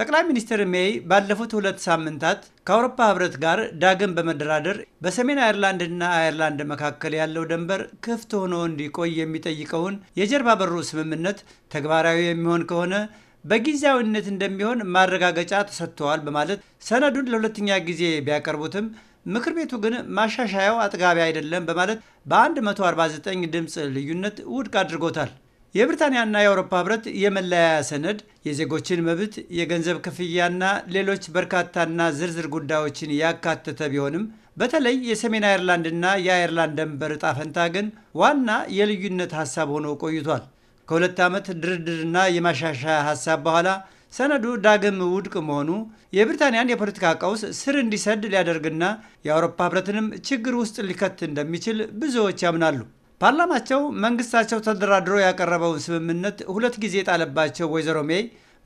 ጠቅላይ ሚኒስትር ሜይ ባለፉት ሁለት ሳምንታት ከአውሮፓ ህብረት ጋር ዳግም በመደራደር በሰሜን አየርላንድና አየርላንድ መካከል ያለው ድንበር ክፍት ሆኖ እንዲቆይ የሚጠይቀውን የጀርባ በሩ ስምምነት ተግባራዊ የሚሆን ከሆነ በጊዜያዊነት እንደሚሆን ማረጋገጫ ተሰጥተዋል በማለት ሰነዱን ለሁለተኛ ጊዜ ቢያቀርቡትም ምክር ቤቱ ግን ማሻሻያው አጥጋቢ አይደለም በማለት በ149 ድምፅ ልዩነት ውድቅ አድርጎታል። የብሪታንያና የአውሮፓ ህብረት የመለያያ ሰነድ የዜጎችን መብት፣ የገንዘብ ክፍያና ሌሎች በርካታና ዝርዝር ጉዳዮችን ያካተተ ቢሆንም በተለይ የሰሜን አይርላንድና የአይርላንድ ድንበር ጣፈንታ ፈንታ ግን ዋና የልዩነት ሀሳብ ሆኖ ቆይቷል። ከሁለት ዓመት ድርድርና የማሻሻያ ሀሳብ በኋላ ሰነዱ ዳግም ውድቅ መሆኑ የብሪታንያን የፖለቲካ ቀውስ ስር እንዲሰድ ሊያደርግና የአውሮፓ ህብረትንም ችግር ውስጥ ሊከት እንደሚችል ብዙዎች ያምናሉ። ፓርላማቸው መንግስታቸው ተደራድሮ ያቀረበውን ስምምነት ሁለት ጊዜ የጣለባቸው ወይዘሮ ሜይ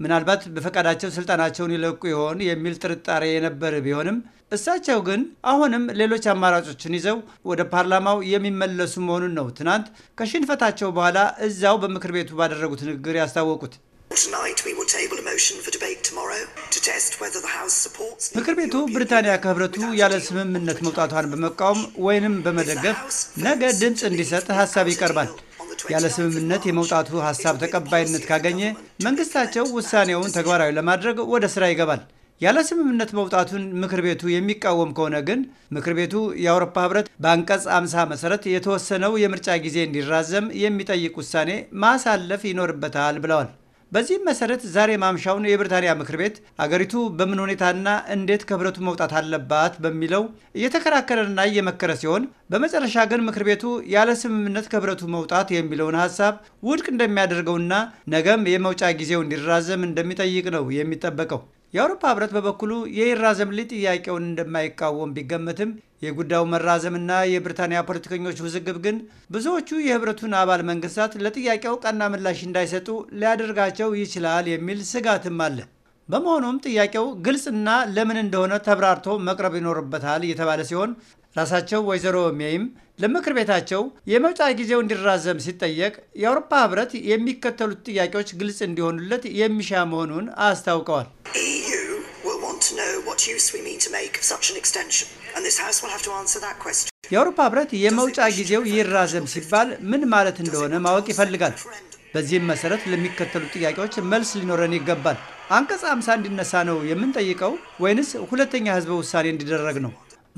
ምናልባት በፈቃዳቸው ስልጣናቸውን ይለቁ ይሆን የሚል ጥርጣሬ የነበር ቢሆንም እሳቸው ግን አሁንም ሌሎች አማራጮችን ይዘው ወደ ፓርላማው የሚመለሱ መሆኑን ነው ትናንት ከሽንፈታቸው በኋላ እዚያው በምክር ቤቱ ባደረጉት ንግግር ያስታወቁት። ምክር ቤቱ ብሪታንያ ከህብረቱ ያለ ስምምነት መውጣቷን በመቃወም ወይንም በመደገፍ ነገ ድምፅ እንዲሰጥ ሀሳብ ይቀርባል። ያለ ስምምነት የመውጣቱ ሀሳብ ተቀባይነት ካገኘ መንግስታቸው ውሳኔውን ተግባራዊ ለማድረግ ወደ ስራ ይገባል። ያለ ስምምነት መውጣቱን ምክር ቤቱ የሚቃወም ከሆነ ግን ምክር ቤቱ የአውሮፓ ህብረት በአንቀጽ አምሳ መሰረት የተወሰነው የምርጫ ጊዜ እንዲራዘም የሚጠይቅ ውሳኔ ማሳለፍ ይኖርበታል ብለዋል። በዚህም መሰረት ዛሬ ማምሻውን የብሪታንያ ምክር ቤት አገሪቱ በምን ሁኔታና እንዴት ከህብረቱ መውጣት አለባት በሚለው እየተከራከረና እየመከረ ሲሆን በመጨረሻ ግን ምክር ቤቱ ያለ ስምምነት ከህብረቱ መውጣት የሚለውን ሀሳብ ውድቅ እንደሚያደርገውና ነገም የመውጫ ጊዜው እንዲራዘም እንደሚጠይቅ ነው የሚጠበቀው። የአውሮፓ ህብረት በበኩሉ የይራዘምልኝ ጥያቄውን እንደማይቃወም ቢገመትም የጉዳዩ መራዘምና የብሪታንያ ፖለቲከኞች ውዝግብ ግን ብዙዎቹ የህብረቱን አባል መንግስታት ለጥያቄው ቀና ምላሽ እንዳይሰጡ ሊያደርጋቸው ይችላል የሚል ስጋትም አለ። በመሆኑም ጥያቄው ግልጽና ለምን እንደሆነ ተብራርቶ መቅረብ ይኖርበታል እየተባለ ሲሆን ራሳቸው ወይዘሮ ሜይም ለምክር ቤታቸው የመውጫ ጊዜው እንዲራዘም ሲጠየቅ የአውሮፓ ህብረት የሚከተሉት ጥያቄዎች ግልጽ እንዲሆኑለት የሚሻ መሆኑን አስታውቀዋል። know what use we mean to make of such an extension, and this House will have to answer that question. የአውሮፓ ህብረት የመውጫ ጊዜው ይራዘም ሲባል ምን ማለት እንደሆነ ማወቅ ይፈልጋል። በዚህም መሰረት ለሚከተሉ ጥያቄዎች መልስ ሊኖረን ይገባል። አንቀጽ 50 እንዲነሳ ነው የምንጠይቀው ወይንስ ሁለተኛ ህዝበ ውሳኔ እንዲደረግ ነው?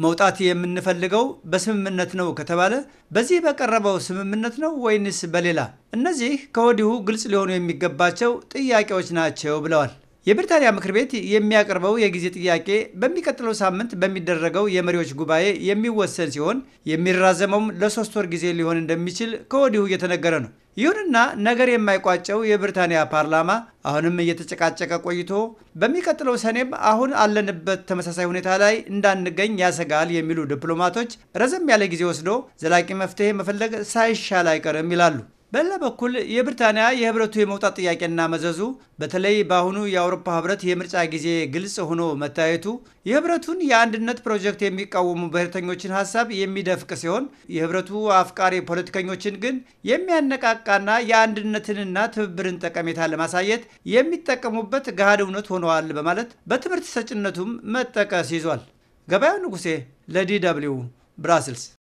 መውጣት የምንፈልገው በስምምነት ነው ከተባለ በዚህ በቀረበው ስምምነት ነው ወይንስ በሌላ? እነዚህ ከወዲሁ ግልጽ ሊሆኑ የሚገባቸው ጥያቄዎች ናቸው ብለዋል። የብሪታንያ ምክር ቤት የሚያቀርበው የጊዜ ጥያቄ በሚቀጥለው ሳምንት በሚደረገው የመሪዎች ጉባኤ የሚወሰን ሲሆን የሚራዘመውም ለሶስት ወር ጊዜ ሊሆን እንደሚችል ከወዲሁ እየተነገረ ነው። ይሁንና ነገር የማይቋጨው የብሪታንያ ፓርላማ አሁንም እየተጨቃጨቀ ቆይቶ በሚቀጥለው ሰኔም አሁን አለንበት ተመሳሳይ ሁኔታ ላይ እንዳንገኝ ያሰጋል የሚሉ ዲፕሎማቶች ረዘም ያለ ጊዜ ወስዶ ዘላቂ መፍትሄ መፈለግ ሳይሻል አይቀርም ይላሉ። በሌላ በኩል የብሪታንያ የህብረቱ የመውጣት ጥያቄና መዘዙ በተለይ በአሁኑ የአውሮፓ ህብረት የምርጫ ጊዜ ግልጽ ሆኖ መታየቱ የህብረቱን የአንድነት ፕሮጀክት የሚቃወሙ ብሔርተኞችን ሀሳብ የሚደፍቅ ሲሆን የህብረቱ አፍቃሪ ፖለቲከኞችን ግን የሚያነቃቃና የአንድነትንና ትብብርን ጠቀሜታ ለማሳየት የሚጠቀሙበት ገሃድ እውነት ሆነዋል በማለት በትምህርት ሰጭነቱም መጠቀስ ይዟል። ገበያው ንጉሴ ለዲ ደብልዩ ብራስልስ